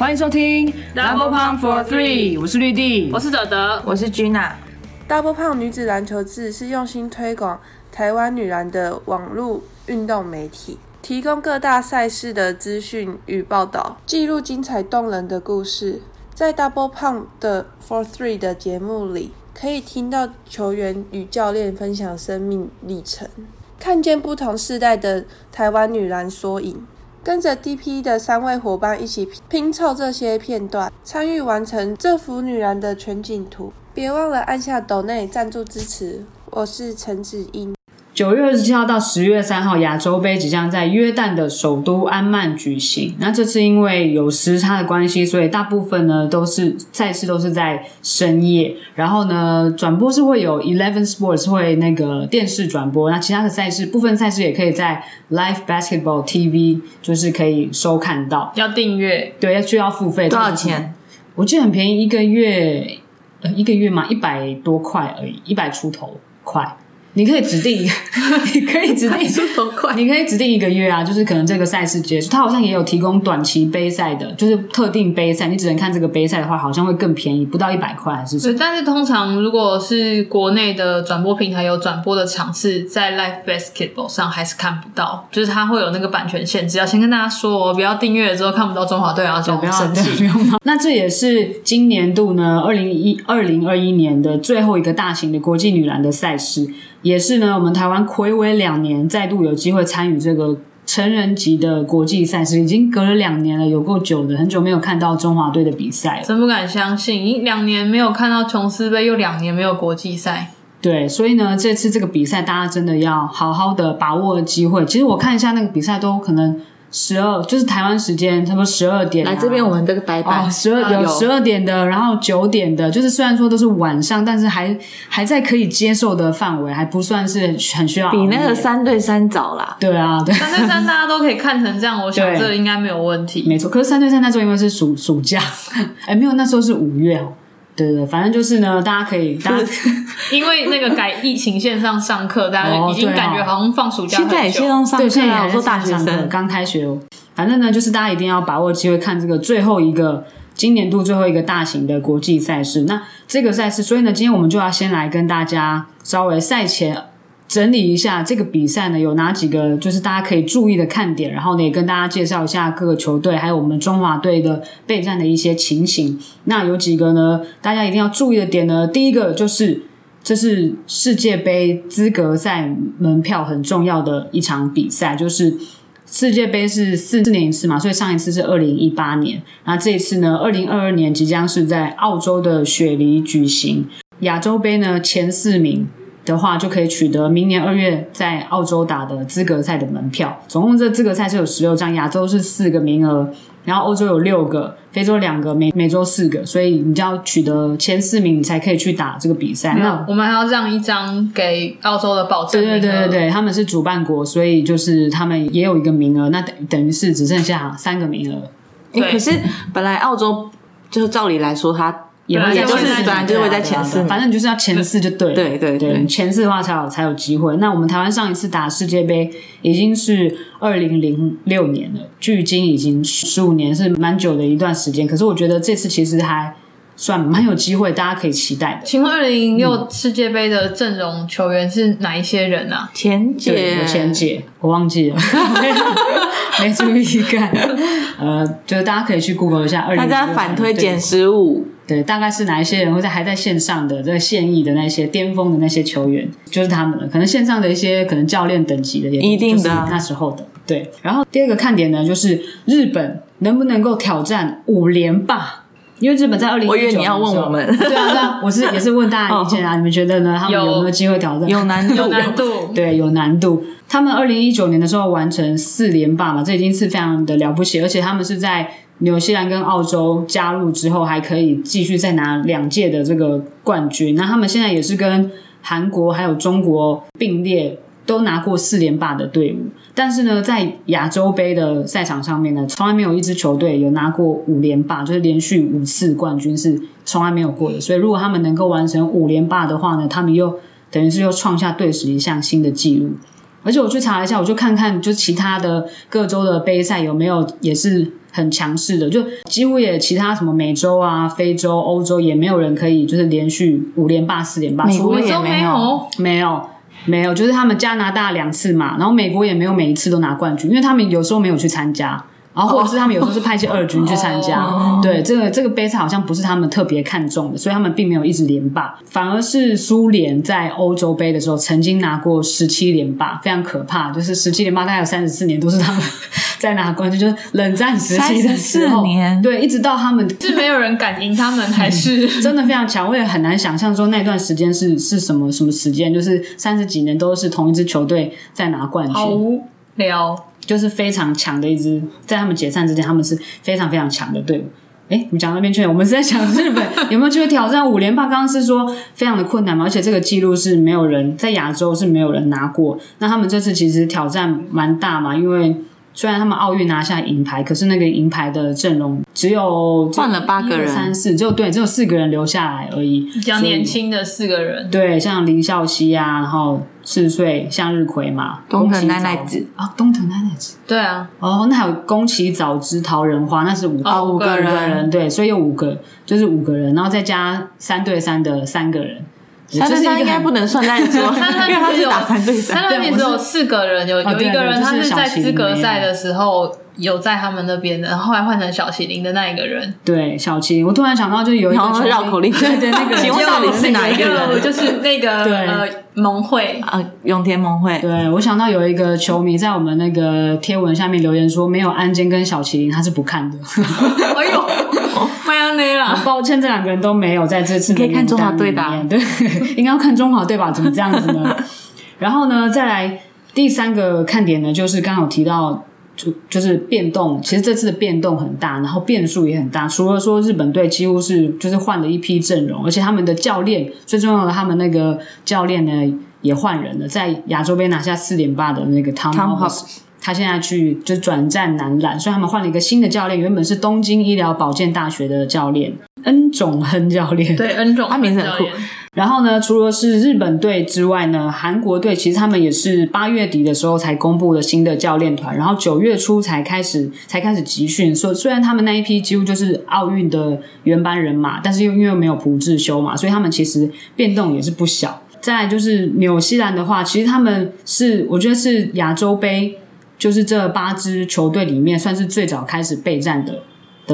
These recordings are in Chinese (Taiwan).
歡迎收聽 Double Pump for Three，我是綠地，我是哲德,德，我是 Gina。Double Pump 女子籃球誌是用心推廣台灣女籃的網絡運動媒體，提供各大賽事的資訊與報道，記錄精彩動人的故事。在 Double Pump For Three 的節目裡，可以聽到球員與教練分享生命歷程，看見不同世代的台灣女籃縮影。跟着 DP 的三位夥伴一起拼湊這些片段，參與完成這幅女籃的全景圖。別忘了按下抖內贊助支持，我是陳子英。九月二十七號到十月三號，亞洲盃即將在約旦的首都安曼舉行。那這次因為有時差的關係，所以大部分呢都是賽事都是在深夜。然後呢，轉播是會有 Eleven Sports 會那個電視轉播。那其他的賽事，部分賽事也可以在 Live Basketball TV，就是可以收看到。要訂閱？對，要需要付費。多少錢？我記得很便宜一、呃，一個月一個月嘛，一百多塊而已，一百出頭塊。你可以指定， 你可以指定出頭快， 你可以指定一個月啊，就是可能這個賽事結束、嗯，它好像也有提供短期杯賽的，就是特定杯賽，你只能看這個杯賽的話，好像會更便宜，不到一百塊，還是什麼。對，但是通常如果是國內的轉播平台有轉播的場次，在 Live Basketball 上還是看不到，就是它會有那個版權限制，要先跟大家說、哦、不要訂閱了之後看不到中華隊啊就不要。嗯、這 那這也是今年度呢，二零一二零二一年的最後一個大型的國際女籃的賽事。也是呢，我們台灣暌違兩年，再度有機會參與這個成人級的國際賽事，已經隔了兩年了，有夠久的，很久沒有看到中華隊的比賽了，真不敢相信，一兩年沒有看到瓊斯盃，又兩年沒有國際賽，對，所以呢，這次這個比賽，大家真的要好好的把握機會。其實我看一下那個比賽都可能。十二就是台灣時間，差不多十二點、啊、來這邊，我們這個白班。哦，十二點有十二點的，然後九點的，就是雖然說都是晚上，但是還還在可以接受的範圍，還不算是很需要熬夜。比那個三對三早啦。對啊，對。三對三大家都可以看成這樣，我想這應該沒有問題。沒錯，可是三對三那時候因為是暑暑假，哎、 欸，沒有那時候是五月哦。對，對對，反正就是呢，大家可以，大家，因為那個改疫情線上上課， 大家已經感覺好像放暑假很久了，現在線上上課，對大學生剛開學，哦、嗯，反正呢，就是大家一定要把握機會看這個最後一個今年度最後一個大型的國際賽事。那這個賽事，所以呢，今天我們就要先來跟大家稍微賽前。整理一下這個比賽呢，有哪幾個就是大家可以注意的看點，然後呢也跟大家介紹一下各個球隊，還有我們中華隊的備戰的一些情形。那有幾個呢，大家一定要注意的點呢，第一個就是這是世界杯資格賽門票很重要的一場比賽，就是世界杯是四四年一次嘛，所以上一次是二零一八年，那這一次呢，二零二二年即將是在澳洲的雪梨舉行。亞洲杯呢，前四名。的話，就可以取得明年二月在澳洲打的資格賽的門票。總共這資格賽是有十六張，亞洲是四個名額，然後歐洲有六個，非洲兩個，美美洲四個。所以你就要取得前四名，你才可以去打這個比賽、嗯。那我們還要讓一張給澳洲的保證。對對對對，他們是主辦國，所以就是他們也有一個名額。那等等於是只剩下三個名額、欸。可是本來澳洲 就是照理來說，他。也會在，就當然就會在前四，啊啊啊，反正你就是要前四就對。對對對，前四的話才有才有機會。那我們台灣上一次打世界杯已經是二零零六年了，距今已經十五年，是蠻久的一段時間。可是我覺得這次其實還算蠻有機會，大家可以期待的。請問二零零六世界杯的陣容球員是哪一些人啊？錢姐，錢姐，我忘記了， 沒注意看。呃，就是大家可以去 Google 一下他。 呃、大家他反推減十五。對，大概是哪一些人會在，還在線上的這個現役的那些巔峰的那些球員，就是他們了。可能線上的一些可能教練等級的也一定的、啊就是、那時候的。對，然後第二個看點呢，就是日本能不能夠挑戰五連霸？因為日本在二零一九年我要問我們，對啊對啊，我是也是問大家意見啊、哦，你們覺得呢？他們有沒有機會挑戰？有難度有難，有難度，對，有難度。他們二零一九年的時候完成四連霸嘛，這已經是非常的了不起，而且他們是在。紐西蘭跟澳洲加入之後，還可以繼續再拿兩屆的這個冠軍。那他們現在也是跟韓國還有中國並列，都拿過四連霸的隊伍。但是呢，在亞洲杯的賽場上面呢，從來沒有一支球隊有拿過五連霸，就是連續五次冠軍是從來沒有過的。所以，如果他們能夠完成五連霸的話呢，他們又等於是又創下隊史一項新的紀錄。而且，我去查一下，我就看看，就其他的各洲的杯賽有沒有也是。很強勢的，就幾乎也其他什麼美洲啊、非洲、歐洲也沒有人可以，就是連續五連霸、四連霸，美國也沒有，沒有沒有，沒有，就是他們加拿大兩次嘛，然後美國也沒有每一次都拿冠軍，因為他們有時候沒有去參加。然後或者是他們有時候是派一些二軍去參加，哦哦、對這個這個杯賽好像不是他們特別看重的，所以他們並沒有一直連霸，反而是蘇聯在歐洲杯的時候曾經拿過十七連霸，非常可怕，就是十七連霸大概有三十四年都是他們在拿冠軍，就是冷戰時期的時候，對，一直到他們是沒有人敢贏他們，還是、嗯、真的非常強，我也很難想象說那段時間是是什麼什麼時間，就是三十幾年都是同一支球隊在拿冠軍，好無聊。就是非常強的一支，在他們解散之前，他們是非常非常強的隊伍。哎，我、欸、們講到那邊去了，我們是在講日本有沒有去挑戰 五連霸？剛剛是說非常的困難嘛，而且這個記錄是沒有人在亞洲是沒有人拿過。那他們這次其實挑戰蠻大嘛，因為雖然他們奧運拿下銀牌，可是那個銀牌的陣容只有換了八個人，三四就對，只有四個人留下來而已，比較年輕的四個人，對，像林孝希啊，然後。四歲向日葵嘛，東藤奈奈子啊，哦，東藤奈奈子，對啊，哦，那還有宮崎早之桃仁花，那是五五，哦，五個人，對，所以有五個，就是五個人，然後再加三對三的三個人，三對三應該不能算在內，三，就是，對三他是打三對三，三對三只有四個人，有有一個人他是在資格賽的時候。有在他們那邊的，後來換成小麒麟的那一個人。對，小麒麟，我突然想到，就是有一個繞口令，嗯嗯嗯嗯嗯、對，對對，那個請問到底是哪一個、那個、就是那個呃，萌繪啊，永田萌繪。對，我想到有一個球迷在我們那個貼文下面留言說，沒有安間跟小麒麟，他是不看的。 哎喲媽呀，那、哦、了，啦抱歉，這兩個人都沒有在這次名單裡面，你可以看中華對，對，應該要看中華對吧？怎麼這樣子呢？ 然後呢，再來第三個看點呢，就是剛好提到。就就是變動，其實這次的變動很大，然後變數也很大。除了說日本隊幾乎是就是換了一批陣容，而且他們的教練最重要的，他們那個教練呢也換人了，在亞洲盃拿下四點八的那個 Tom Hovasse 他現在去就轉戰男籃，嗯，所以他們換了一個新的教練，原本是東京醫療保健大學的教練恩塚亨教練，對，恩塚亨，他名字很酷。嗯然後呢，除了是日本隊之外呢，韓國隊其實他們也是八月底的時候才公布了新的教練團，然後九月初才開始才開始集訓。所以雖然他們那一批幾乎就是奧運的原班人馬，但是又因為沒有朴智秀嘛，所以他們其實變動也是不小。再來就是紐西蘭的話，其實他們是我覺得是亞洲杯，就是這八支球隊裡面算是最早開始備戰的。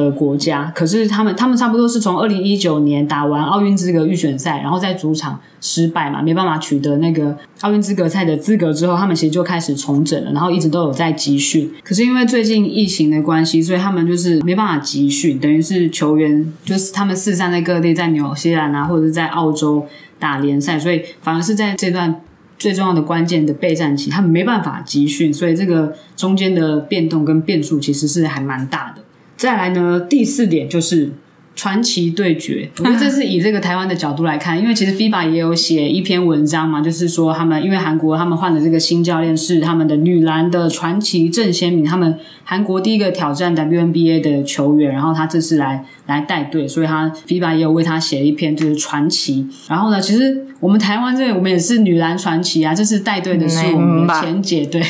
的國家，可是他們，他們差不多是從二零一九年打完奧運資格預選賽，然後在主場失敗嘛，沒辦法取得那個奧運資格賽的資格之後，他們其實就開始重整了，然後一直都有在集訓。可是因為最近疫情的關係，所以他們就是沒辦法集訓，等於是球員就是他們四散在各地，在紐西蘭啊或者是在澳洲打聯賽，所以反而是在這段最重要的關鍵的備戰期，他們沒辦法集訓，所以這個中間的變動跟變數其實是還蠻大的。再來呢，第四點就是傳奇對決。我覺得這是以這個台灣的角度來看， 因為其實 FIBA 也有寫一篇文章嘛，就是說他們因為韓國他們換了這個新教練是他們的女籃的傳奇鄭先敏，他們韓國第一個挑戰 WNBA 的球員，然後他這次來來帶隊，所以他 FIBA 也有為他寫一篇就是傳奇。然後呢，其實我們台灣這裡，我們也是女籃傳奇啊，這次帶隊的是我們錢姐對。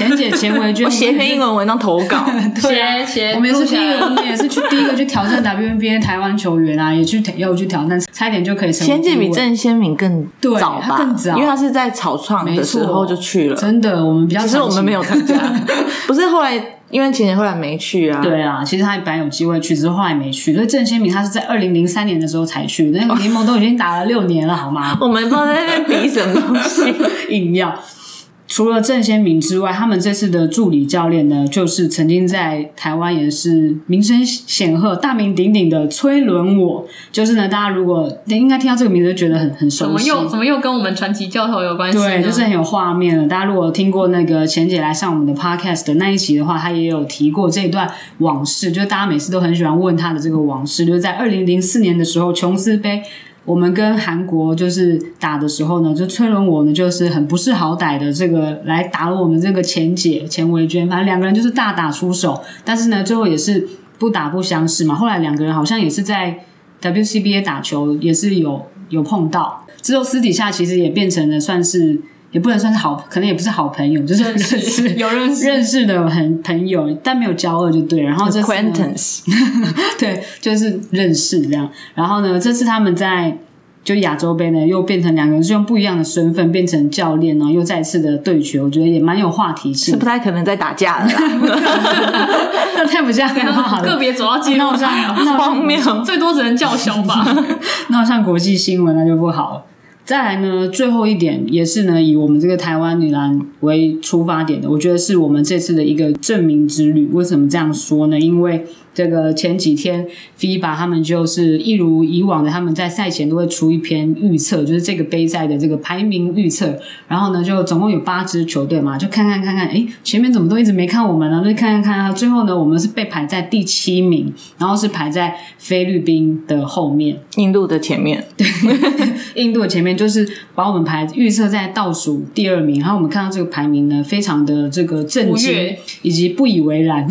錢姐錢維娟，我寫篇英文文章投稿，寫 寫、啊啊。我們是第一個錄音 也是去第一個去挑戰 WNBA 台灣球員啊，也去要去挑戰，差一點就可以成功。前姐比鄭先明更早吧？更早，因為他是在草創的時候就去了。真的，我們比較其實我們沒有參加， 不是後來因為前年後來沒去啊。對啊，其實他本來有機會去，只是後來沒去。所以鄭先明他是在二零零三年的時候才去，那個聯盟都已經打了六年了，好嗎？我們不要在那比什麼東西，飲料除了鄭先明之外，他們這次的助理教練呢，就是曾經在台灣也是名聲顯赫、大名鼎鼎的崔倫我。我就是呢，大家如果應該聽到這個名字，就覺得很很熟悉，怎麼又怎麼又跟我們傳奇教頭有關係呢？對，就是很有畫面了。大家如果聽過那個錢姐來上我們的 podcast 那一期的話，他也有提過這段往事。就是大家每次都很喜歡問他的這個往事，就是在二零零四年的時候，瓊斯盃。我們跟韓國就是打的時候呢，就崔榮我呢，就是很不識好歹的這個來打了我們這個錢姐、錢薇娟，反正兩個人就是大打出手，但是呢，最後也是不打不相識嘛。後來兩個人好像也是在 WCBA 打球，也是有有碰到，之後私底下其實也變成了算是。也不能算是好，可能也不是好朋友，就是認識有認識認識的朋朋友，但沒有交惡就對。然後就是 acquaintance，對，就是認識這樣。然後呢，這次他們在就亞洲杯呢，又變成兩個人是用不一樣的身份變成教練，然後又再次的對決。我覺得也蠻有話題性，是不太可能在打架的， 那太不像好了，特、那個、別走到街道上，方面，最多只能叫囂吧。 鬧上國際新聞那就不好了。再來呢，最後一點也是呢，以我們這個台灣女籃為出發點的，我覺得是我們這次的一個證明之旅。為什麼這樣說呢？因為。這個前幾天，FIBA 他們就是一如以往的，他們在賽前都會出一篇預測，就是這個杯賽的這個排名預測。然後呢，就總共有八支球隊嘛，就看看看看，哎，前面怎麼都一直沒看我們呢？就看看看，啊，最後呢，我們是被排在第七名，然後是排在菲律賓的後面，印度的前面，對， 印度的前面就是把我們排預測在倒數第二名。然後我們看到這個排名呢，非常的這個震驚以及不以為然。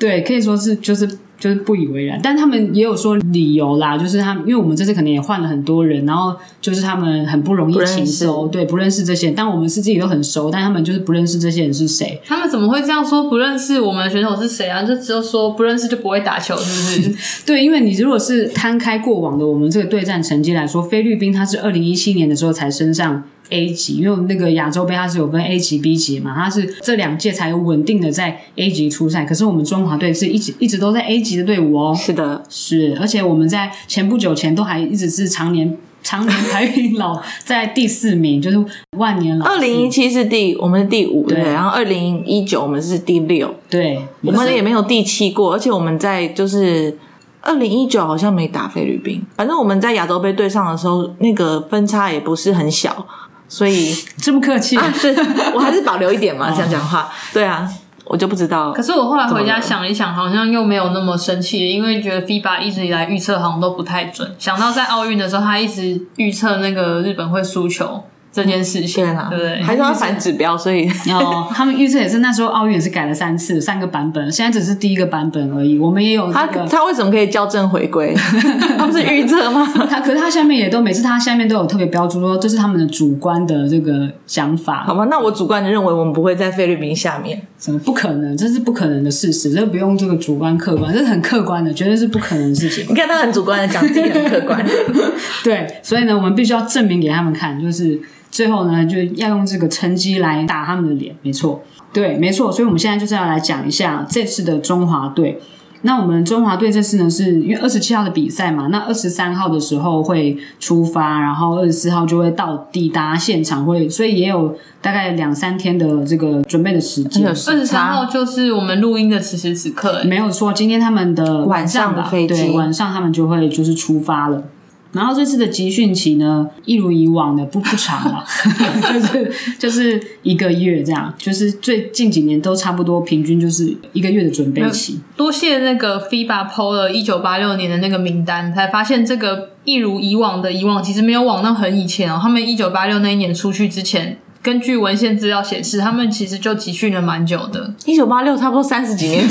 對，可以說是就是就是不以為然，但他們也有說理由啦，就是他們，因為我們這次可能也換了很多人，然後就是他們很不容易情熟，對，不認識這些人，但我們是自己都很熟、嗯，但他們就是不認識這些人是誰。他們怎麼會這樣說？不認識我們的選手是誰啊？就只有說不認識就不會打球，是不是？ 對，因為你如果是攤開過往的我們這個對戰成績來說，菲律賓他是二零一七年的時候才升上。A 級，因為那個亞洲杯它是有分 A 級、B 級嘛，它是這兩屆才有穩定的在 A 級出賽。可是我們中華隊是一直一直都在 A 級的隊伍哦。是的，是，而且我們在前不久前都還一直是常年常年排名老在第四名， 就是萬年老四。二零一七是第我們是第五，對，對然後二零一九我們是第六，對，我們也沒有第七過。而且我們在就是二零一九好像沒打菲律賓，反正我們在亞洲杯對上的時候，那個分差也不是很小。所以這麼客氣、啊啊，是 我還是保留一點嘛，這樣講話，對啊，我就不知道。可是我後來回家想一想，好像又沒有那麼生氣，因為覺得 FIBA 一直以來預測好像都不太準。想到在奧運的時候，他一直預測那個日本會輸球。這件事情、嗯、啊，對，還是要反指標，所以哦，他們預測也是那時候奧運是改了三次， 三個版本，現在只是第一個版本而已。我們也有、這個、他，他為什麼可以校正回歸？ 他不是預測嗎？他可是他下面也都每次他下面都有特別標註說這是他們的主觀的這個想法，好吧？那我主觀的認為我們不會在菲律賓下面，什、嗯、麼不可能？這是不可能的事實，這不用這個主觀客觀，這是很客觀的，絕對是不可能的事情。你看他很主觀的講，自己很客觀， 對，所以呢，我們必須要證明給他們看，就是。最後呢，就要用這個成績來打他們的臉，沒錯，對，沒錯。所以我們現在就是要來講一下這次的中華隊。那我們中華隊這次呢，是因為二十七號的比賽嘛，那二十三號的時候會出發，然後二十四號就會到抵達現場，會所以也有大概兩三天的這個準備的時間。二十三號就是我們錄音的此時此刻、欸，沒有錯。今天他們的晚上吧，晚上的飛機，對，晚上他們就會就是出發了。然後這次的集訓期呢，一如以往的不不長了， 就是就是一個月這樣，就是最近幾年都差不多平均就是一個月的準備期。多謝了那個 FIBA PO 了一九八六年的那個名單，才發現這個一如以往的以往其實沒有往那很以前哦。他們一九八六那一年出去之前，根據文獻資料顯示，他們其實就集訓了蠻久的。一九八六差不多三十幾年。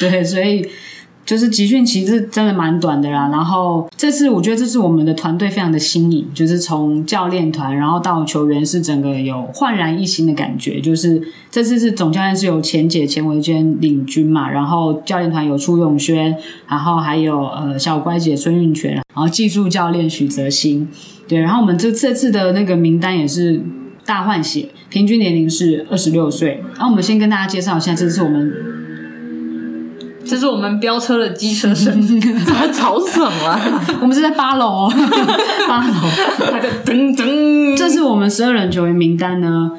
對，所以。就是集訓其實真的蠻短的啦，然後這次我覺得這次我們的團隊非常的新穎，就是從教練團然後到球員是整個有煥然一新的感覺，就是這次是總教練是由錢姐錢薇娟領軍嘛，然後教練團有出永軒，然後還有呃小乖姐孫運權，然後技術教練許澤新，對，然後我們這這次的那個名單也是大換血，平均年齡是二十六歲，然後我們先跟大家介紹一下這次我們。這是我們飆車的機車聲，他、嗯、吵死了，啊！ 我們是在八樓，八樓他 在噔噔。這是我們十二人球員名單呢，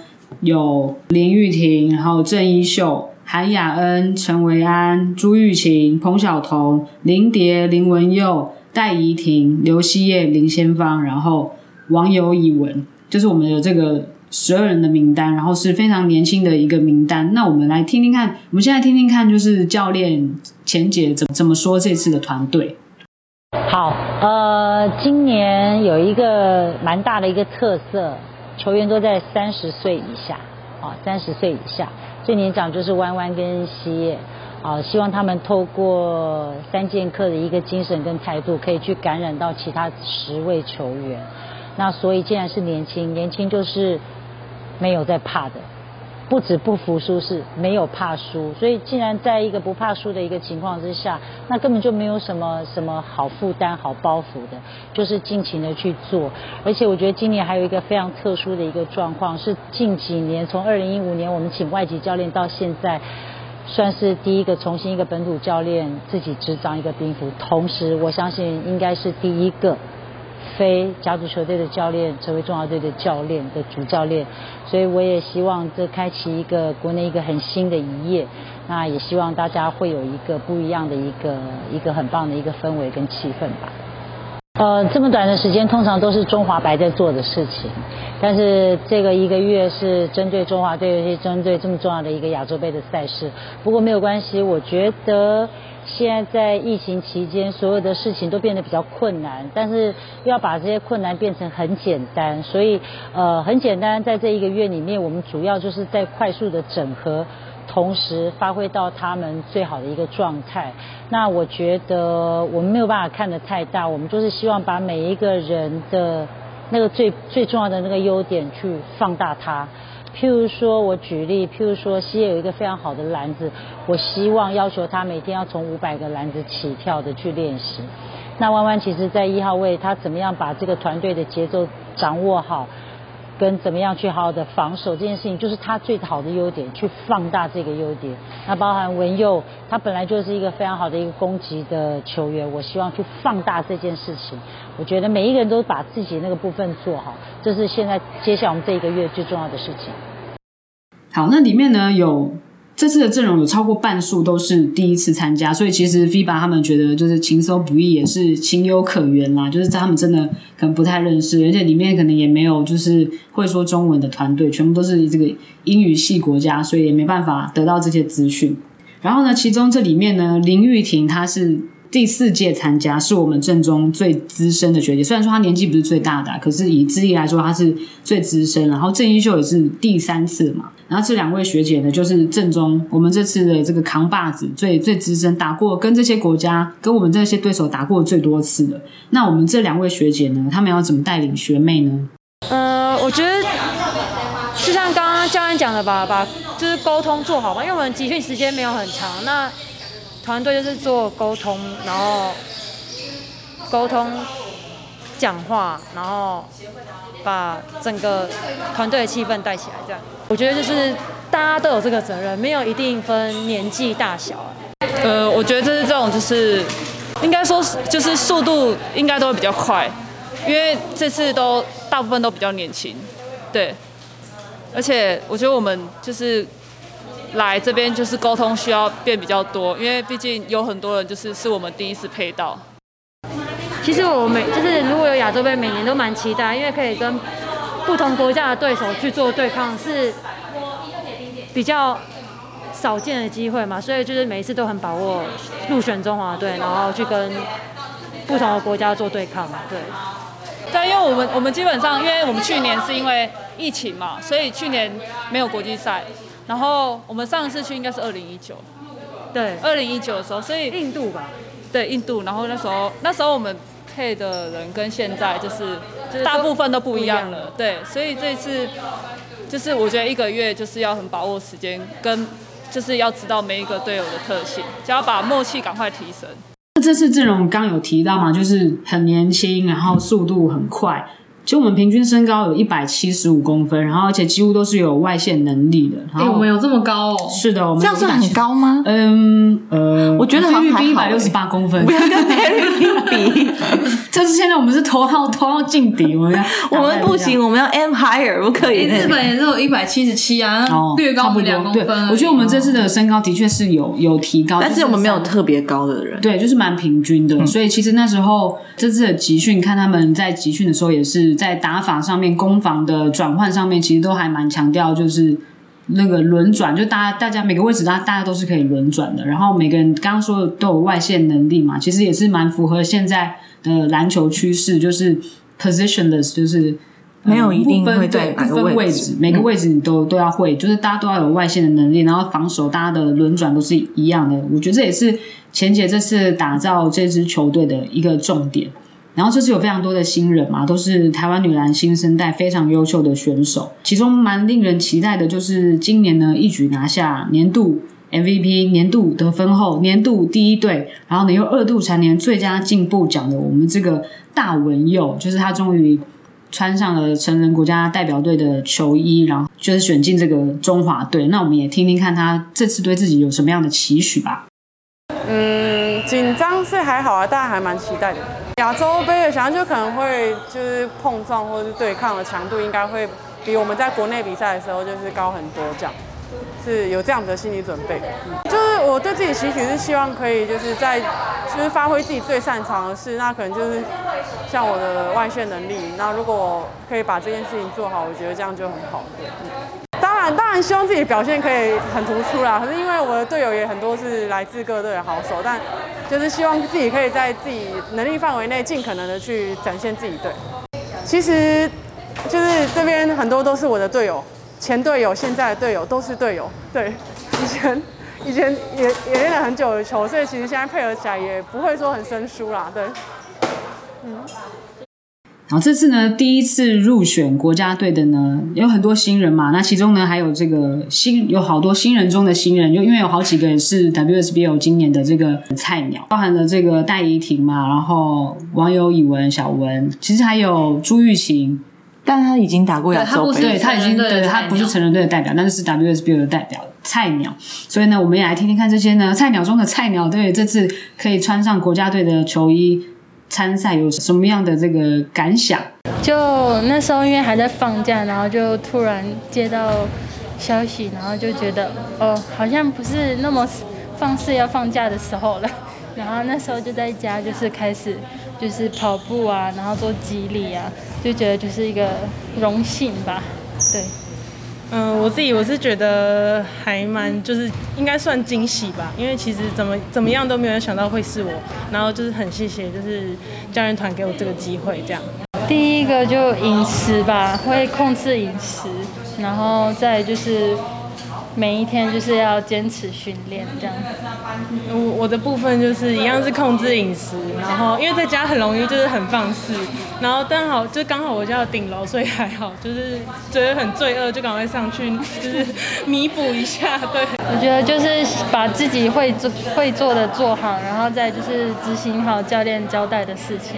有林育庭，然後鄭伊秀、韓雅恩、陳維安、朱玉琴、彭曉彤、林蝶、林文佑、戴宜庭、劉希葉、林先芳，然後王游乙文，就是我們的這個。十二人的名單，然後是非常年輕的一個名單。那我們來聽聽看，我們現在聽聽看，就是教練錢姐怎麼怎麼說這次的團隊。好，呃，今年有一個蠻大的一個特色，球員都在三十歲以下，啊、哦，三十歲以下，最年長就是彎彎跟西葉，啊、哦，希望他們透過三劍客的一個精神跟態度，可以去感染到其他十位球員。那所以，既然是年輕，年輕就是。沒有在怕的，不止不服輸，是沒有怕輸。所以既然在一個不怕輸的一個情況之下，那根本就沒有什麼什麼好負擔、好包袱的，就是盡情的去做。而且我覺得今年還有一個非常特殊的一個狀況，是近幾年從二零一五年我們請外籍教練到現在，算是第一個重新一個本土教練自己執掌一個兵符。同時我相信應該是第一個。非家族球隊的教練成為中華隊的教練的主教練，所以我也希望這開啟一個國內一個很新的一頁。那也希望大家會有一個不一樣的一個一個很棒的一個氛圍跟氣氛吧。呃，這麼短的時間，通常都是中華白在做的事情，但是這個一個月是針對中華隊，尤其針對這麼重要的一個亞洲盃的賽事。不過沒有關係，我覺得。現在在疫情期間，所有的事情都變得比較困難，但是要把這些困難變成很簡單，所以呃很簡單，在這一個月裡面，我們主要就是在快速的整合，同時發揮到他們最好的一個狀態。那我覺得我們沒有辦法看得太大，我們就是希望把每一個人的那個最最重要的那個優點去放大它。譬如說，我舉例，譬如說，西野有一個非常好的籃子，我希望要求他每天要從五百個籃子起跳的去練習。那彎彎其實在一號位，他怎麼樣把這個團隊的節奏掌握好？跟怎麼樣去好好的防守這件事情，就是他最好的優點，去放大這個優點。那包含文佑，他本來就是一個非常好的一個攻擊的球員，我希望去放大這件事情。我覺得每一個人都把自己那個部分做好，這是現在接下來我們這一個月最重要的事情。好，那裡面呢有。這次的陣容有超過半數都是第一次參加，所以其實 FIBA 他們覺得就是情蒐不易，也是情有可原啦。就是他們真的可能不太認識，而且裡面可能也沒有就是會說中文的團隊，全部都是這個英語系國家，所以也沒辦法得到這些資訊。然後呢，其中這裡面呢，林育庭她是。第四屆參加是我們陣中最資深的學姐，雖然說她年紀不是最大的，可是以資歷來說，她是最資深。然後鄭伊秀也是第三次嘛，然後這兩位學姐呢，就是陣中我們這次的這個扛把子最，最最資深，打過跟這些國家、跟我們這些對手打過最多次的。那我們這兩位學姐呢，他們要怎麼帶領學妹呢？呃，我覺得就像剛剛教練講的吧，把就是溝通做好吧，因為我們集訓時間沒有很長，那。團隊就是做溝通，然後溝通講話，然後把整個團隊的氣氛帶起來。這樣，我覺得就是大家都有這個責任，沒有一定分年紀大小欸。呃，我覺得這是這種就是應該說就是速度應該都會比較快，因為這次都大部分都比較年輕，對，而且我覺得我們就是。來這邊就是溝通需要變比較多，因為畢竟有很多人就是是我們第一次配到。其實我每就是如果有亞洲盃，每年都蠻期待，因為可以跟不同國家的對手去做對抗，是比較少見的機會嘛。所以就是每一次都很把握入選中華隊，然後去跟不同的國家做對抗嘛。對。但因為我們我們基本上因為我們去年是因為疫情嘛，所以去年沒有國際賽。然後我們上一次去應該是二零一九，對，二零一九的時候，所以印度吧，對印度。然後那時候那時候我們配的人跟現在就是、就是、大部分都不，都不一樣了，對。所以這一次就是我覺得一個月就是要很把握時間跟就是要知道每一個隊友的特性，就要把默契趕快提升。那這次陣容剛有提到嘛，就是很年輕，然後速度很快。其實我們平均身高有一百七十五公分，然後而且幾乎都是有外線能力的。哎、欸，我們有這麼高哦？是的，我們 175, 這樣算很高嗎？嗯呃，我覺得可以比一百六十八公分。 不要跟別人比，這 是現在我們是頭號頭號勁敵。我們要 我們不行，我們要 aim higher，不可以、欸。日本也是有一百七十七啊、哦，略高我們兩公分。我覺得我們這次的身高的確是有有提高，但是我們沒有特別高的人，對，就是蠻平均的。嗯、所以其實那時候這次的集訓，看他們在集訓的時候也是。在打法上面，攻防的轉換上面，其實都還蠻強調，就是那個輪轉，就大家大家每個位置大家，大家都是可以輪轉的。然後每個人剛剛說的都有外線能力嘛，其實也是蠻符合現在的籃球趨勢，就是 positionless，就是沒有一定會對，不分對各個位置，每個位置你都，嗯，都要會，就是大家都要有外線的能力，然後防守大家的輪轉都是一樣的。我覺得這也是錢姐這次打造這支球隊的一個重點。然後這次有非常多的新人嘛，都是台灣女籃新生代非常優秀的選手。其中蠻令人期待的，就是今年呢一舉拿下年度 MVP、年度得分後、年度第一隊，然後呢又二度蟬聯最佳進步獎的我們這個大文佑，就是他終於穿上了成人國家代表隊的球衣，然後就是選進這個中華隊。那我們也聽聽看他這次對自己有什麼樣的期許吧。嗯，緊張是還好啊，大家還蠻期待的。亞洲盃的想象就可能會就是碰撞或者是對抗的強度應該會比我們在國內比賽的時候就是高很多這樣。是有這樣子的心理準備。就是我對自己期許，是希望可以就是在就是發揮自己最擅長的事，那可能就是像我的外線能力，那如果我可以把這件事情做好，我覺得這樣就很好。嗯、當然，當然希望自己表現可以很突出啦。可是因為我的隊友也很多是來自各隊的好手，但，就是希望自己可以在自己能力範圍內，盡可能的去展現自己。對，其實就是這邊很多都是我的隊友，前隊友、現在的隊友都是隊友。對，以前以前也也練了很久的球，所以其實現在配合起來也不會說很生疏啦。對，嗯。然後這次呢，第一次入選國家隊的呢，有很多新人嘛。那其中呢，還有這個新有好多新人中的新人，又因為有好幾個也是 WSBL 今年的這個菜鳥，包含了這個戴宜庭嘛，然後王游乙文、小文，其實還有朱玉琴。但他已經打過亞洲盃，他已經，對他不是成人隊的代表，但是是 WSBL 的代表，菜鳥。所以呢，我們也來聽聽看這些呢，菜鳥中的菜鳥，對，這次可以穿上國家隊的球衣，參賽有什麼樣的這個感想？就那時候因為還在放假，然後就突然接到消息，然後就覺得哦，好像不是那麼放肆要放假的時候了。然後那時候就在家，就是開始就是跑步啊，然後做肌力啊，就覺得就是一個榮幸吧，對。嗯，我自己我是覺得還蠻就是應該算驚喜吧，因為其實怎麼怎麼樣都沒有想到會是我，然後就是很謝謝就是教練團給我這個機會這樣。第一個就飲食吧，會控制飲食，然後再就是。每一天就是要堅持訓練，這樣子。我我的部分就是一樣是控制飲食，然後因為在家很容易就是很放肆，然後剛好就剛好我家有頂樓，所以還好，就是覺得很罪惡，就趕快上去就是彌補一下。對，我覺得就是把自己會做會做的做好，然後再就是執行好教練交代的事情。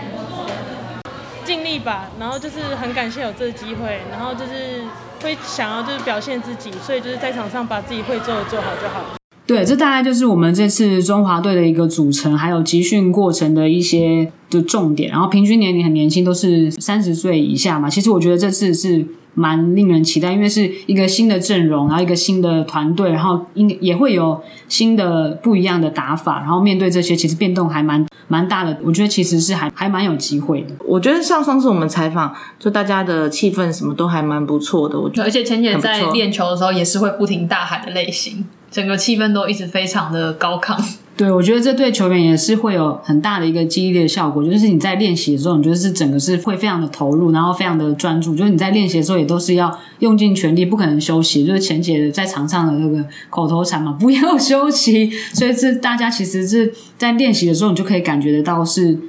盡力吧，然後就是很感謝有這個機會，然後就是。會想要就是表現自己，所以就是在場上把自己會做的做好就好。對，這大概就是我們這次中華隊的一個組成，還有集訓過程的一些就重點。然後平均年齡很年輕，都是三十歲以下嘛。其實我覺得這次是蠻令人期待，因為是一個新的陣容，然後一個新的團隊，然後應也會有新的不一樣的打法。然後面對這些，其實變動還蠻蠻大的。我覺得其實是還還蠻有機會的。我覺得像上次我們採訪，就大家的氣氛什麼都還蠻不錯的。我覺得，而且錢錢在練球的時候也是會不停大喊的類型。整個氣氛都一直非常的高亢，對我覺得這對球員也是會有很大的一個激勵的效果，就是你在練習的時候，你覺得是整個是會非常的投入，然後非常的專注，就是你在練習的時候也都是要用盡全力，不可能休息，就是錢姐在場上的那個口頭禪嘛，不要休息，所以這大家其實是，在練習的時候，你就可以感覺得到是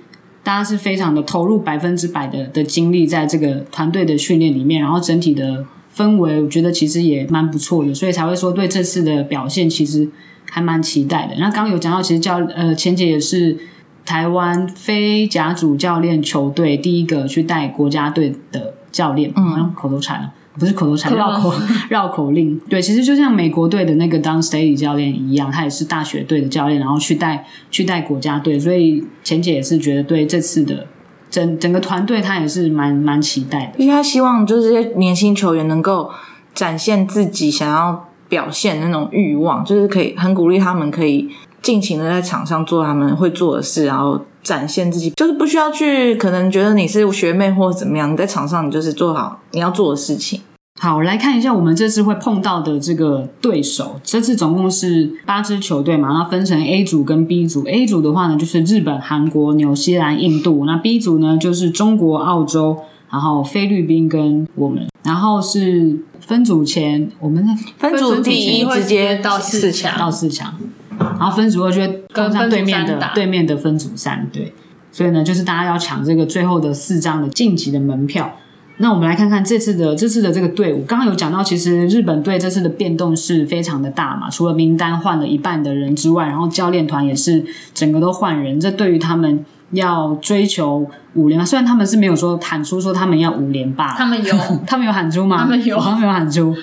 大家是非常的投入，百分之百的的精力在這個團隊的訓練裡面，然後整體的。氛圍，我覺得其實也蠻不錯的，所以才會說，對這次的表現其實還蠻期待的。那剛剛有講到，其實教呃，錢姐也是台灣非甲組教練球隊第一個去帶國家隊的教練，嗯，啊、口頭禪了、啊，不是口頭禪，啊、繞口繞口令。對，其實就像美國隊的那個 Dawn Staley 教練一樣，他也是大學隊的教練，然後去帶去帶國家隊，所以錢姐也是覺得對這次的。整整個團隊他也是蠻蠻期待的，因為他希望就是這些年輕球員能夠展現自己想要表現的那種慾望，就是可以很鼓勵他們可以盡情的在場上做他們會做的事，然後展現自己，就是不需要去可能覺得你是學妹或者怎麼樣，你在場上你就是做好你要做的事情。好，來看一下我們這次會碰到的這個對手。這次總共是八支球隊嘛，那分成 A 組跟 B 組。A 組的話呢，就是日本、韓國、紐西蘭、印度；那 B 組呢，就是中國、澳洲，然後菲律賓跟我們。然後是分組前，我們的分，組組分組第一會直接到四強，到四強。然後分組二就會跟上對面的，對面的分組三對。所以呢，就是大家要搶這個最後的四張的晉級的門票。那我們來看看這次的這次的這個隊伍，剛剛有講到，其實日本隊這次的變動是非常的大嘛，除了名單換了一半的人之外，然後教練團也是整個都換人。這對於他們要追求五連霸，雖然他們是沒有說喊出說他們要五連霸，他們有， 他們有喊出嗎？他們有，他們有喊出。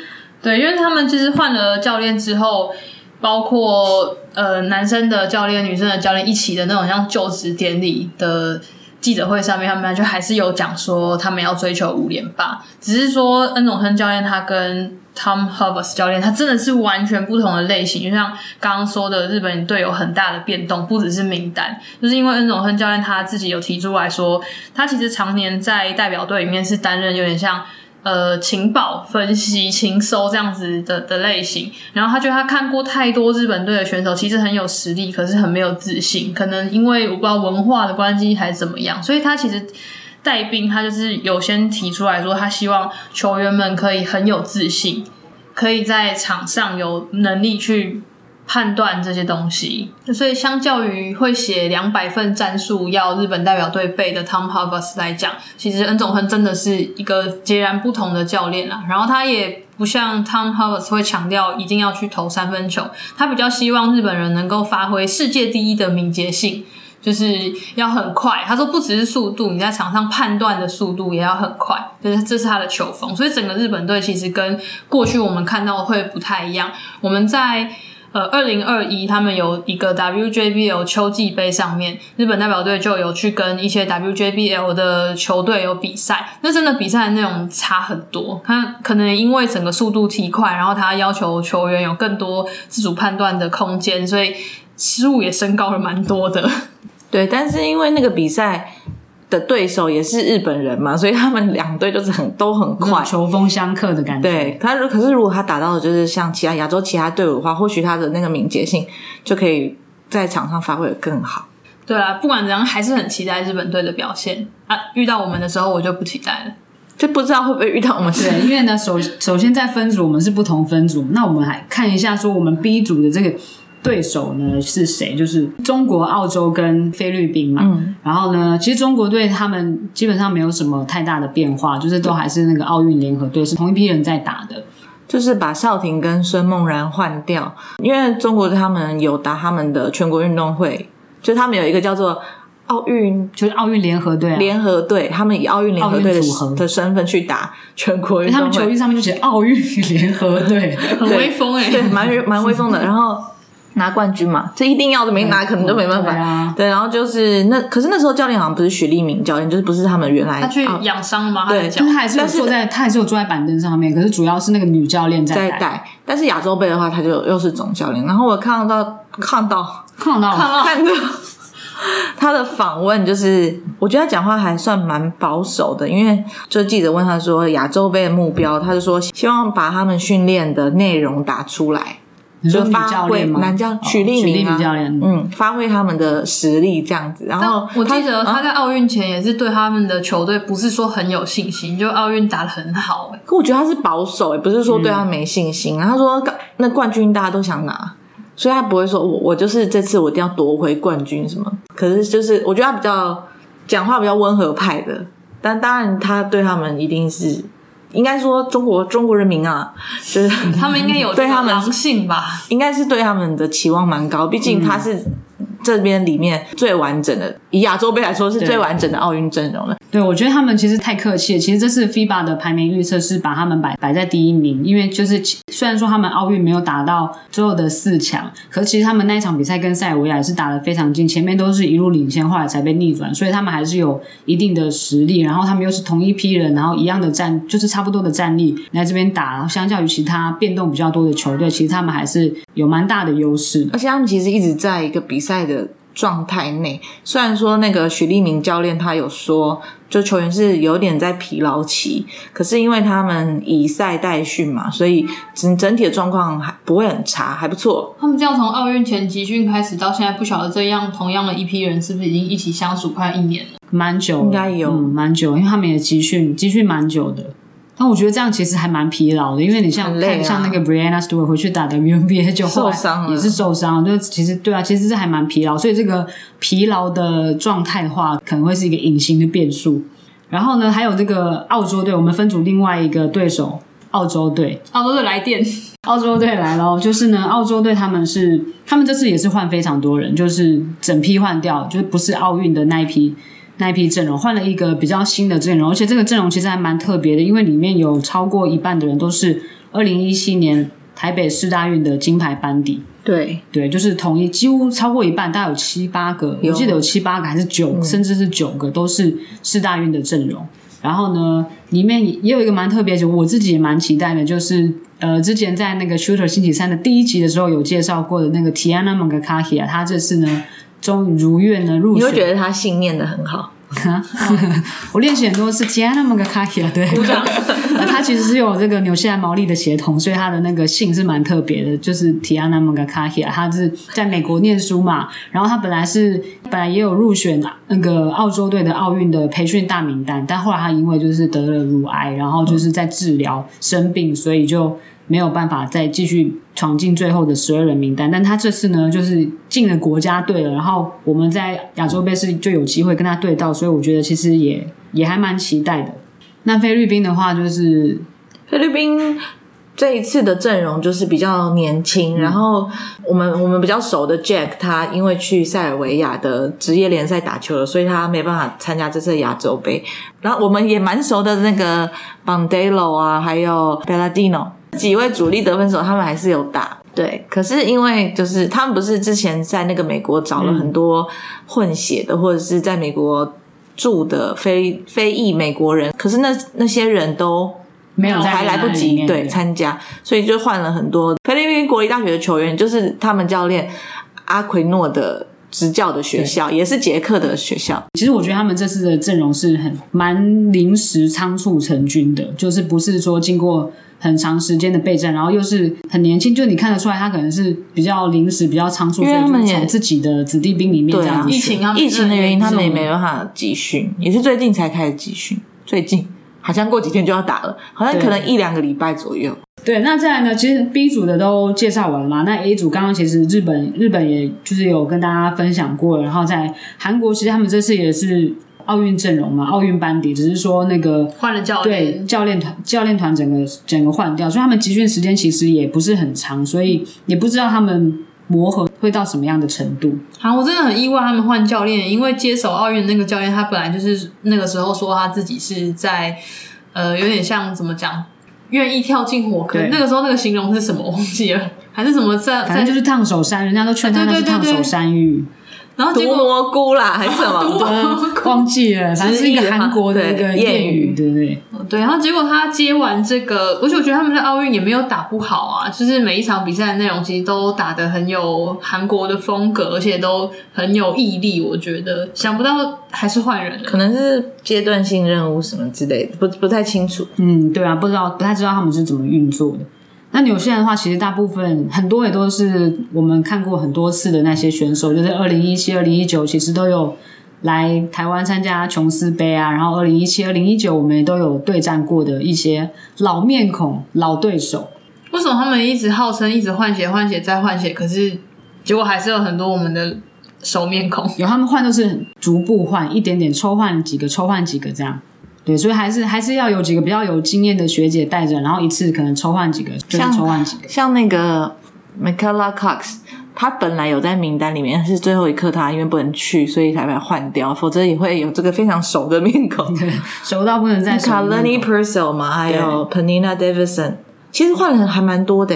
對，因為他們其實換了教練之後，包括呃男生的教練、女生的教練一起的那種像就職典禮的。記者會上面，他們就還是有講說他們要追求五連霸，只是說恩塚亨教練他跟 Tom Hovasse 教練他真的是完全不同的類型，就像剛剛說的，日本隊有很大的變動，不只是名單，就是因為恩塚亨教練他自己有提出來說，他其實常年在代表隊裡面是擔任有點像。呃，情報分析、情搜，這樣子的的類型，然後他覺得他看過太多日本隊的選手，其實很有實力，可是很沒有自信，可能因為我不知道文化的關係還是怎麼樣，所以他其實帶兵，他就是有先提出來說，他希望球員們可以很有自信，可以在場上有能力去。判斷這些東西，所以相較於會寫兩百份戰術要日本代表隊背的 Tom Hovasse 來講，其實恩塚亨真的是一個截然不同的教練啦。然後他也不像 Tom Hovasse 會強調一定要去投三分球，他比較希望日本人能夠發揮世界第一的敏捷性，就是要很快。他說不只是速度，你在場上判斷的速度也要很快，就是這是他的球風。所以整個日本隊其實跟過去我們看到會不太一樣。我們在呃，二零二一，他們有一個 WJBL 秋季杯上面，日本代表隊就有去跟一些 WJBL 的球隊有比賽，那真的比賽的內容差很多。他可能因為整個速度提快，然後他要求球員有更多自主判斷的空間，所以失誤也升高了蠻多的。對，但是因為那個比賽的對手也是日本人嘛，所以他們兩隊就是很都很快，球、那個、風相克的感覺。對他，如可是如果他打到的就是像其他亞洲其他隊伍的話，或許他的那個敏捷性就可以在場上發揮的更好。對啊，不管怎樣，還是很期待日本隊的表現、嗯、啊。遇到我們的時候，我就不期待了，就不知道會不會遇到我們。對，因為呢，首首先在分組，我們是不同分組，那我們來看一下說我們 B 組的這個。對手呢是誰？就是中國、澳洲跟菲律賓嘛。嗯。然後呢，其實中國隊他們基本上沒有什麼太大的變化，就是都還是那個奧運聯合隊，是同一批人在打的。就是把邵婷跟孫夢然換掉，因為中國他們有打他們的全國運動會，就他們有一個叫做奧運，就是奧運聯合隊，聯合隊，他們以奧運聯合隊的組合的身份去打全國運動會，他們球衣上面就寫奧運聯合隊， 很威風誒、欸，對，蠻蠻威風的。然後。拿冠軍嘛，這一定要的，沒拿，嗯、可能就沒辦法、嗯對啊。對，然後就是那，可是那時候教練好像不是許利民教練，就是不是他們原來。他去養傷嗎？啊、對，就他還是坐在是他還是有坐在板凳上面。可是主要是那個女教練在帶。在帶。但是亞洲杯的話，他就又是總教練。然後我看到看到看到了看到他的訪問，就是我覺得他講話還算蠻保守的，因為就記者問他說亞洲杯的目標、嗯，他就說希望把他們訓練的內容打出來。就發揮嘛，男教練嘛，許利民教練。嗯，發揮他們的實力這樣子。然後我記得他在奧運前也是對他們的球隊不是說很有信心，就、嗯、奧運打得很好、欸。可我覺得他是保守也、欸、不是說對他沒信心。嗯、然後他說，那冠軍大家都想拿，所以他不會說我我就是這次我一定要奪回冠軍什麼。可是就是我覺得他比較講話比較溫和派的，但當然他對他們一定是。應該說，中國中國人民啊，就是他們應該有對他們，應該是對他們的期望蠻高。畢竟他是這邊裡面最完整的，以亞洲盃來說是最完整的奧運陣容了。對，我覺得他們其實太客氣了。其實這次 FIBA 的排名預測，是把他們擺擺在第一名，因為就是雖然說他們奧運沒有打到最後的四強，可是其實他們那一場比賽跟塞爾維亞是打得非常近，前面都是一路領先，後來才被逆轉，所以他們還是有一定的實力。然後他們又是同一批人，然後一樣的戰，就是差不多的戰力來這邊打。然後相較於其他變動比較多的球隊，其實他們還是有蠻大的優勢的。而且他們其實一直在一個比賽的狀態內，雖然說那個許利民教練他有說。就球員是有點在疲勞期，可是因為他們以賽代訓嘛，所以整整體的狀況還不會很差，還不錯。他們這樣從奧運前集訓開始到現在，不曉得這樣同樣的一批人是不是已經一起相處快一年了？蠻久，應該有，嗯，蠻久，因為他們也集訓，集訓蠻久的。但我覺得這樣其實還蠻疲勞的，因為你像看、啊、像那個 Breanna Stewart 回去打的 WNBA 就受傷了，也是受傷。受傷了就是其實對啊，其實是還蠻疲勞，所以這個疲勞的狀態的話，可能會是一個隱形的變數。然後呢，還有這個澳洲隊，我們分組另外一個對手澳洲隊，澳洲隊來電，澳洲隊來嘍。就是呢，澳洲隊他們是他們這次也是換非常多人，就是整批換掉，就是不是奧運的那一批。那一批陣容，換了一個比較新的陣容，而且這個陣容其實還蠻特別的，因為裡面有超過一半的人都是二零一七年台北世大運的金牌班底。對對，就是同一幾乎超過一半，大概有七八個，我記得有七八個還是九、嗯，甚至是九個都是世大運的陣容。然後呢，裡面也有一個蠻特別，就我自己也蠻期待的，就是呃，之前在那個《Shooter 星期三》的第一集的時候有介紹過的那個 Tiana Mangakahia，她這次呢。終於如願的入選。你會覺得他姓念得很好。啊啊、 我練習很多次，Tiana Mangakahia。對、 啊，他其實是有這個紐西蘭毛利的血統，所以他的那個姓是蠻特別的，就是 Tiana Mangakahia。他是在美國念書嘛，然後他本來是本來也有入選那個澳洲隊的奧運的培訓大名單，但後來他因為就是得了乳癌，然後就是在治療、嗯、生病，所以就。沒有辦法再繼續闖進最後的十二人名單，但他這次呢，就是進了國家隊了。然後我們在亞洲盃是就有機會跟他對到，所以我覺得其實也也還蠻期待的。那菲律賓的話，就是菲律賓這一次的陣容就是比較年輕。嗯，然後我們我們比較熟的 Jack，他因為去塞爾維亞的職業聯賽打球了，所以他沒辦法參加這次的亞洲盃。然後我們也蠻熟的那個 Bandelo 啊，還有 Beladino。幾位主力得分手，他們還是有打對，可是因為就是他們不是之前在那個美國找了很多混血的，嗯、或者是在美國住的非非裔美國人，可是那那些人都沒有，還來不及對參加，所以就換了很多菲律賓國立大學的球員，嗯、就是他們教練阿奎諾的執教的學校，也是捷克的學校。其實我覺得他們這次的陣容是很蠻臨時倉促成軍的，就是不是說經過。很長時間的備戰，然後又是很年輕，就你看得出來，他可能是比較臨時、比較倉促，因為他們也自己的子弟兵裡面，這樣疫情、啊，疫情的原因，他們也沒有辦法集訓，也是最近才開始集訓。最近好像過幾天就要打了，好像可能一兩個禮拜左右。對。對，那再來呢？其實 B 組的都介紹完了嘛，那 A 組剛剛其實日本，日本也就是有跟大家分享過了，然後在韓國，其實他們這次也是。奧運陣容嘛，奧運班底只是說那個換了教練，對，教練團教練團整個整個換掉，所以他們集訓時間其實也不是很長，所以也不知道他們磨合會到什麼樣的程度。嗯、好，我真的很意外他們換教練，因為接手奧運那個教練，他本來就是那個時候說他自己是在呃，有點像怎麼講，願意跳進火坑。那個時候那個形容是什麼？我忘記了，還是什麼在？在反正就是燙手山，人家都勸他那是燙手山芋。啊，對對對對對。然後結果毒蘑菇啦還是什麼？忘、哦、記了，反正是一個韓國的一個諺語，對，諺語對，對對。對，然後結果他接完這個，而且我覺得他們在奧運也沒有打不好啊，就是每一場比賽的內容其實都打得很有韓國的風格，而且都很有毅力。我覺得想不到還是壞人，可能是階段性任務什麼之類的，不不太清楚。嗯，對啊，不知道，不太知道他們是怎麼運作的。那紐西蘭的話，其實大部分很多也都是我們看過很多次的那些選手，就是二零一七、二零一九，其實都有來台灣參加瓊斯盃啊。然後二零一七、二零一九，我們也都有對戰過的一些老面孔、老對手。為什麼他們一直號稱一直換血換血再換血，可是結果還是有很多我們的熟面孔？ 有他們換都是逐步換，一點點抽換幾個，抽換幾個這樣。對，所以還是還是要有幾個比較有經驗的學姐帶着，然後一次可能抽換幾個，就是抽換幾個。像那個 Michaela Cox，他本來有在名單裡面，但是最後一刻他因為不能去，所以才把他換掉，否則也會有這個非常熟的面孔，對，熟到不能再熟。還有 Kalani Purcell 嘛，還有 Penina Davidson，其實換的人還蠻多的。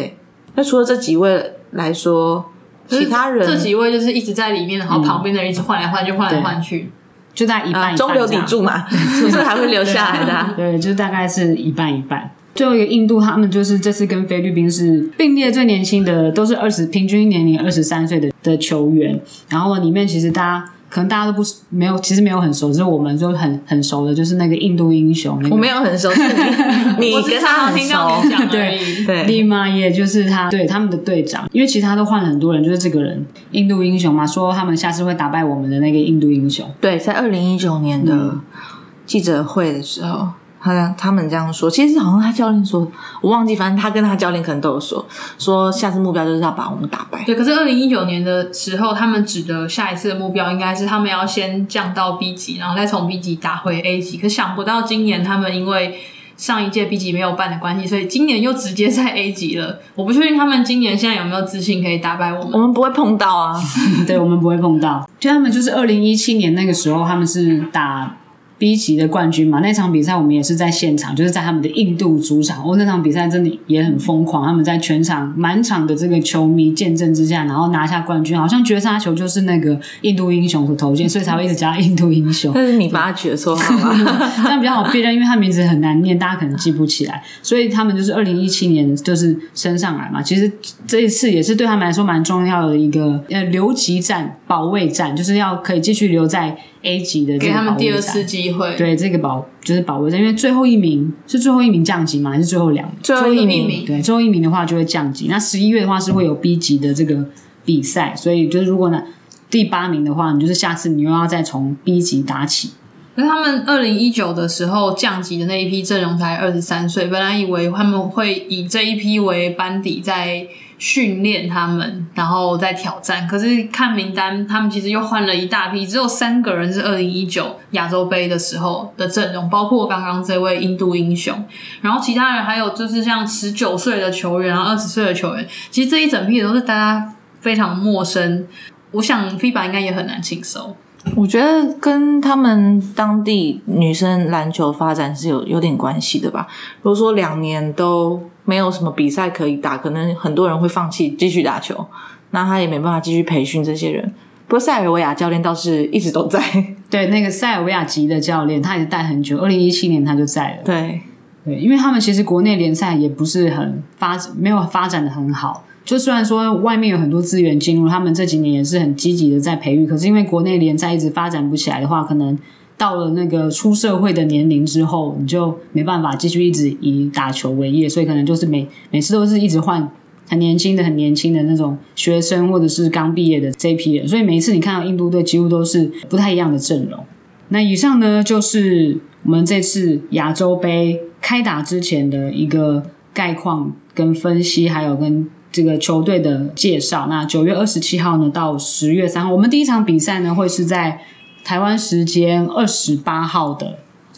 那除了這幾位來說，其他人這，這幾位就是一直在裡面，然後旁邊的人一直換來換去，換來換去。嗯。就大概一半一半、嗯、中流砥柱嘛是， 是不是還會留下來的、啊對啊？對，就大概是一半一半。最後一個印度，他們就是這次跟菲律賓是並列最年輕的，都是二十平均年齡二十三歲的的球員。然後裡面其實大家。可能大家都不沒有，其實沒有很熟，只是我們就很很熟的，就是那個印度英雄。我沒有很熟，是你只 是他好聽剛我講而已 對，里馬耶就是他，對，他們的隊長，因為其實他都換了很多人，就是這個人，印度英雄嘛，說他們下次會打敗我們的那個印度英雄。對，在二零一九年的記者會的時候。嗯他他們這樣說，其實好像他教練說，我忘記，反正他跟他教練可能都有說，說下次目標就是要把我們打敗。對，可是二零一九年的時候，他們指的下一次的目標應該是他們要先降到 B 級，然後再從 B 級打回 A 級。可想不到今年他們因為上一屆 B 級沒有辦的關係，所以今年又直接在 A 級了。我不確定他們今年現在有沒有自信可以打敗我們。我們不會碰到啊， 對，我們不會碰到。就他們就是二零一七年那個時候，他們是打。B 級的冠軍嘛，那場比賽我們也是在現場，就是在他們的印度主場。哦，那場比賽真的也很瘋狂，他們在全場滿場的這個球迷見證之下，然後拿下冠軍，好像絕殺球就是那個印度英雄的頭巾，所以才會一直加印度英雄。但是你把他舉錯好嗎，這樣比較好辨認，因為他名字很難念，大家可能記不起來。所以他們就是二零一七年就是升上來嘛，其實這一次也是對他們來說蠻重要的一個呃留級戰、保衛戰，就是要可以繼續留在。A 級的，給他們第二次機會，對這個保就是保衛戰，因為最後一名是最後一名降級嘛，還是最後兩名最後一名，最後一名對最後一名的話就會降級。那十一月的話是會有 B 級的這個比賽，所以就是如果呢第八名的話，你就是下次你又要再從 B 級打起。那他們二零一九的時候降級的那一批陣容才二十三歲，本來以為他們會以這一批為班底在。訓練他們，然後再挑戰。可是看名單，他們其實又換了一大批，只有三個人是二零一九亞洲盃的時候的陣容，包括剛剛這位印度英雄。然後其他人還有就是像十九歲的球員啊，二十歲的球員，其實這一整批都是大家非常陌生。我想 FIBA 應該也很難輕鬆。我覺得跟他們當地女生籃球發展是有有點關係的吧。如果說兩年都沒有什麼比賽可以打，可能很多人會放棄繼續打球，那他也沒辦法繼續培訓這些人。不過塞爾維亞教練倒是一直都在，對，那個塞爾維亞籍的教練，他也是帶很久，2017年他就在了。對對，因為他們其實國內聯賽也不是很發，沒有發展的很好。就雖然說外面有很多資源進入，他們這幾年也是很積極的在培育，可是因為國內聯賽一直發展不起來的話，可能到了那個出社會的年齡之後，你就沒辦法繼續一直以打球為業，所以可能就是每每次都是一直換很年輕的、很年輕的那種學生，或者是剛畢業的這批人，所以每一次你看到印度隊幾乎都是不太一樣的陣容。那以上呢，就是我們這次亞洲盃開打之前的一個概況跟分析，還有跟。這個球隊的介紹。那九月二十七號呢，到十月三號，我們第一場比賽呢會是在台灣時間二十八號的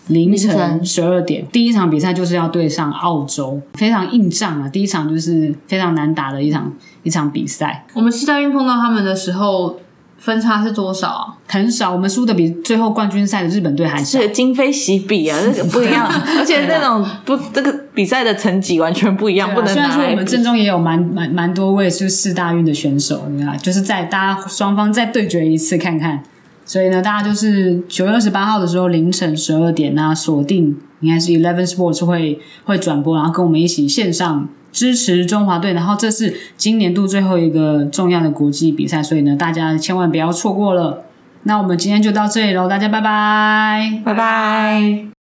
凌晨十二點。第一場比賽就是要對上澳洲，非常硬仗啊！第一場就是非常難打的一場一場比賽。我們世大運碰到他們的時候，分差是多少啊？很少，我們輸的比最後冠軍賽的日本隊還少。是今非昔比啊，那個、不一樣、 啊。而且那種不、啊，這個比賽的成績完全不一樣，啊、不能拿。雖然說我們陣中也有蠻蠻蠻多位就是四大運的選手，你知道，就是在大家雙方再對決一次看看。所以呢，大家就是九月二十八號的時候凌晨十二點啊，鎖定應該是 Eleven Sports 會會轉播，然後跟我們一起線上支持中華隊。然後這是今年度最後一個重要的國際比賽，所以呢，大家千萬不要錯過了。那我們今天就到這裡嘍，大家拜拜，拜拜。Bye bye